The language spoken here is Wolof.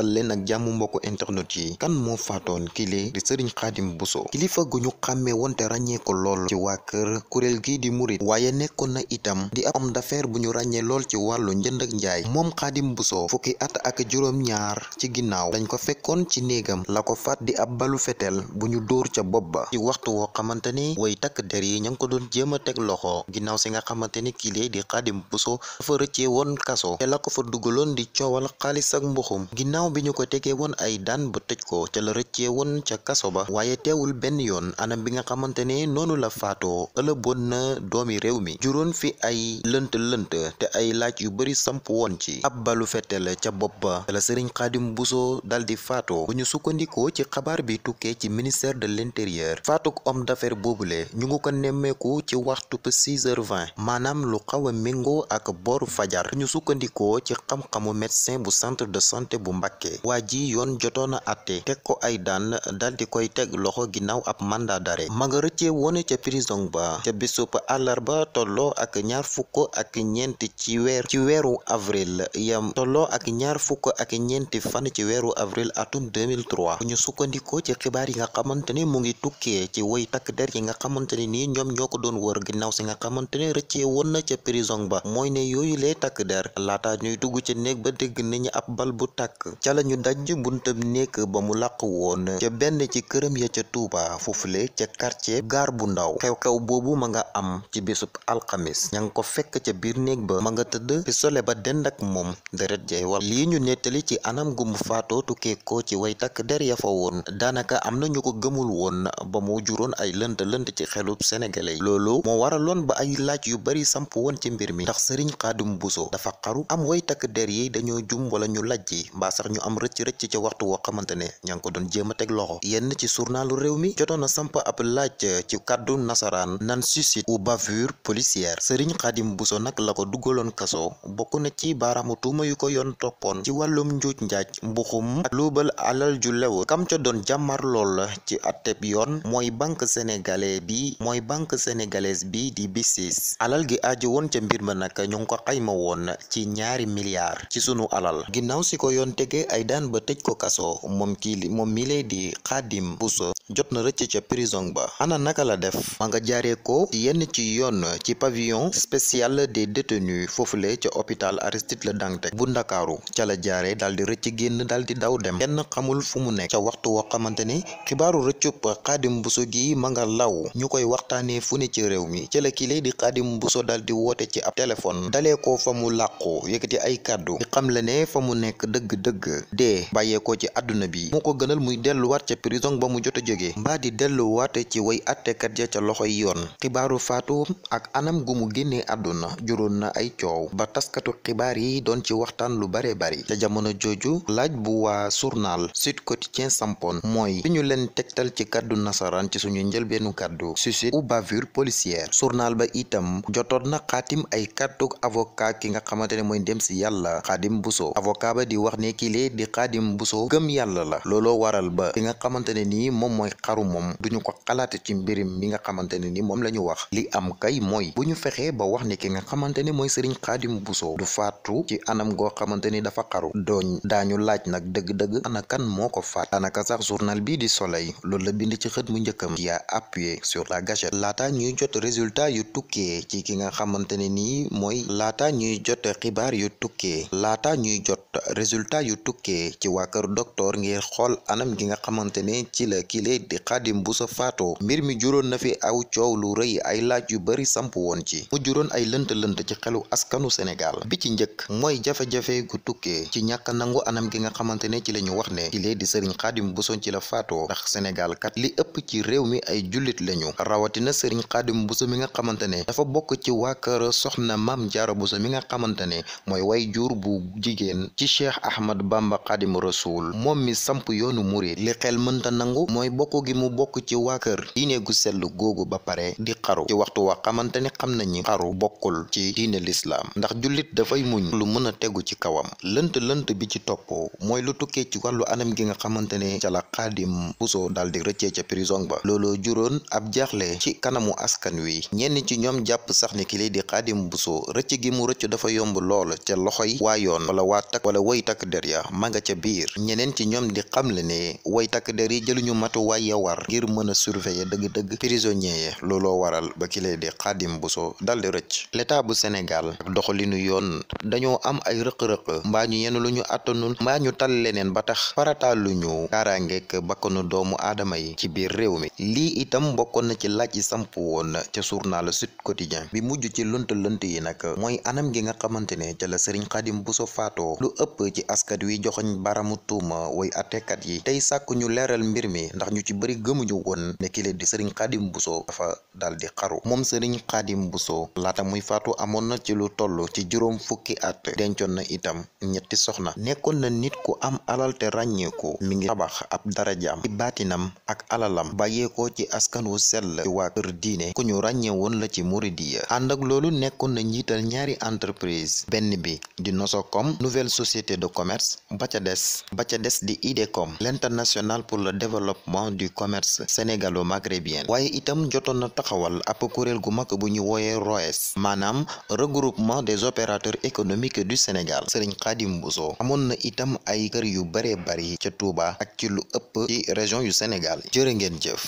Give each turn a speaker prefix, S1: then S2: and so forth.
S1: dal leen ak jàmm mbokk internet yi kan moo faatoon kile di sëriñ xaadim buso kilifa gu ñu xàmmee wante ràññee lool ci waa kër kuréel gi di murit waaye nekkoon na itam di ab homme d'affaires bu ñu ràññee lool ci wàllu njënd ak njaay moom xaadim buso fukki at ak juróom-ñaar ci ginnaaw dañ ko fekkoon ci néegam la ko faat di ab balu feteel bu ñu dóor ca bopp ba ci waxtu woo xamante ni way takk der yi ña ngi ko doon jéem a teg loxo ginnaaw si nga xamante ni kile di xaadim buso dafa rëccee woon kaso te di coowal ginnaaw bi ñu ko tegee woon ay daan ba tëj ko ca la rëccee woon ca kaso ba waaye teewul benn yoon anam bi nga xamante ne noonu la faatoo ëlëboon na doomi réew mi juróon fi ay lënt lënt te ay laaj yu bari samp woon ci ab balu fetel ca bopp ba la sëriñ Xaadim Buso dal di faatoo bu ñu sukkandikoo ci xabaar bi tukkee ci ministère de l'intérieur faatuk homme d'affaires boobule ñu ngi ko nemmeeku ci waxtu ba 6 h maanaam lu xaw a méngoo ak booru fajar bu ñu sukkandikoo ci xam-xamu médecin waa ji yoon jotoon a atte teg ko ay daan dal di koy teg loxo ginnaaw ab mandat d'arrêt ma nga rëccee woon ca prison ba ca bisub àllarba tolloo ak ñaar fukk ak ñeent ci weer ci weeru avril yam tolloo ak ñaar fukk ak ñeenti fan ci weeru avril atum 2003 bu ñu sukkandikoo ci xibaar yi nga xamante ne mu ngi tukkee ci woy takk der yi nga xamante ne nii ñoom ñoo ko doon wër ginnaaw si nga xamante ne rëccee woon na ca prison ba mooy ne yooyu lee takk der laata ñuy dugg ci néeg ba dégg ab bal bu tàkk ca la ñu daj buntam nekk ba mu làq woon ca benn ci këram ya ca Touba foofule ca quartier gaar bu ndaw xew-xew boobu ma nga am ci bisub alxamis ña nga ko fekk ca biir néeg ba ma nga tëdd pistolet ba dend ak moom deret jay wal lii ñu nettali ci anam gu mu faatoo tukkee ci way takk der ya fa woon daanaka am na ñu ko gëmul woon ba mu juróon ay lënt lënt ci xelub sénégalais loolu moo waraloon ba ay laaj yu bari samp woon ci mbir mi ndax sëriñ xaadim buso dafa xaru am way takk der yi dañoo jum ñu lajji mbaa ñu am rëcc rëcc ca waxtu woo xamante ne ña ngi ko doon jéem a teg loxo yenn ci journalu réew mi jotoon na samp ab laaj ci kàddu nasaraan nan suicide ou bavure policière Serigne Khadim Bousso nag la ko duggaloon kaso bokk na ci baaraamu tuuma yu ko yoon toppoon ci wàllum njuuj njaaj mbuxum ak luubal alal ju lew kam ca doon jàmmar lool ci atteb yoon mooy banque sénégalais bi mooy banque sénégalaise bi di BICIS alal gi aji woon ca mbir ma nag ñu ngi ko xayma woon ci ñaari milliards ci sunu tege ay daan ba tëj ko kaso moom kii li moom mi lay di Khadim Bousso jot na rëcc ca prison ba ana naka la def ma nga jaaree ko yenn ci yoon ci pavillon de des foofu foofule ca hôpital Aristide Le Dantec bu Ndakaaru ca la jaare dal di rëcc génn daal di daw dem kenn xamul fu mu nekk ca waxtu woo xamante ni xibaaru rëccub Khadim Bousso gi ma nga law ñu koy waxtaanee fu ne ci réew mi ca la kii lay di Khadim Bousso dal di woote ci ab téléphone dalee ko fa mu làqu dee bàyyeekoo ci àdduna bi moo ko gënal muy delluwaat ca prison ba mu jot a jóge mbaa di delluwaate ci way attekat ja ca yi yoon xibaaru faatu ak anam gu mu génnee àdduna juróon na ay coow ba taskatu xibaar yi doon ci waxtaan lu bare bari ca jamono jooju laaj bu waa journal Sud Quotidien sampoon mooy li ñu leen tegtal ci kàddu nasaraan ci suñu njëlbeenu kàddu suicide ou bavure policière surnaal ba itam jotoon na xaatim ay kàddu avocat ki nga xamante ne mooy dem si yàlla xamante di xaadim buso gëm yàlla la looloo waral ba li nga xamante ne nii moom mooy xaru moom duñu ko xalaate ci mbirim mi nga xamante ne ni moom la ñu wax li am kay mooy bu ñu fexee ba wax ni ki nga xamante ne mooy sëriñ xaadim buso du faatu ci anam goo xamante ni dafa xaru dooñ daañu laaj nag dëgg-dëgg ana kan moo ko faat daanaka sax journal bi di soleil loolu la bind ci xët mu njëkkam ci yaa appuyé sur la gâchette laata ñuy jot résultat yu tukkee ci ki nga xamante ne nii mooy laata ñuy jot xibaar yu tukkee laata ñuy tukkee ci waa kër docteur ngir xool anam gi nga xamante ne ci la kile di xaadim bu sa faatoo mbir mi juróon na fi aw coow lu rëy ay laaj yu bari samp woon ci mu juróon ay lënt-lënt ci xelu askanu senegal bi ci njëkk mooy jafe-jafe gu tukkee ci ñàkk nangu anam gi nga xamante ne ci lañu wax ne kile di sëriñ xaadim bu soon ci la faatoo ndax Sénégal li ëpp ci réew mi ay jullit lañu rawatina sëriñ xaadim bu sa mi nga xamante ne dafa bokk ci waa kër soxna maam jaaro bu mi nga xamante bamba xaadimu rasuul moom mi samp yoonu murit li xel mënta nangu mooy bokk gi mu bokk ci waa kër diine gu sell googu ba pare di xaru ci waxtu wa xamante ni xam nañu xaru bokkul ci diine lislaam ndax jullit dafay muñ lu mën a tegu ci kawam lënt lënt bi ci topp mooy lu tukkee ci wàllu anam gi nga xamante ne ca la xaadim buso dal di rëccee ca prison ba looloo juróon ab jaaxle ci kanamu askan wi ñenn ci ñoom jàpp sax ni kile di xaadim buso rëcc gi mu rëcc dafa yomb lool ya ma nga ca biir ñeneen ci ñoom di xamle ne way takk der yi jëluñu matuwaay ya war ngir mën a surveiller dëgg-dëgg prisonnier ya looloo waral ba ki lay di Xaadim Buso dal di rëcc l'état bu Sénégal ak doxalinu yoon dañoo am ay rëq-rëq mbaa ñu yenn lu ñu àttanul mbaa ñu tal leneen ba tax farataaluñu kaaraangeek bakkanu doomu aadama yi ci biir réew mi lii itam bokkoon ci laaj yi samp woon ca journal Sud Quotidien bi mujj ci lënt lënt yi nag mooy la Sëriñ Xaadim Buso faatoo wi joxoñ baramu tuuma way attekat yi tey sàkk ñu leeral mbir mi ndax ñu ci bëri gëmuñu woon ne kile di sëriñ xaadim buso dafa dal di xaru moom sëriñ xaadim buso laata muy faatu amoon na ci lu toll ci juróom fukki at dencoon na itam ñetti soxna nekkoon na nit ku am alal te ràññeeku mi ngi tabax ab darajaam ci baatinam ak alalam bàyyeekoo ci askan wu sell ci waa kër diine ku ñu ràññee woon la ci muridiya ànd ak loolu nekkoon na njiital ñaari entreprise benn bi commerce ba ca des ba ca des di IDECOM l'international pour le développement du commerce sénégalo-maghrébien waaye itam jotoon na taxawal ab kuréel gu mag bu ñu wooyee ROES maanaam regroupement des opérateurs économiques du Sénégal Serigne Khadim Bousso amoon na itam ay kër yu bare yi ca Touba ak ci lu ëpp ci région yu Sénégal jërë ngeen jëf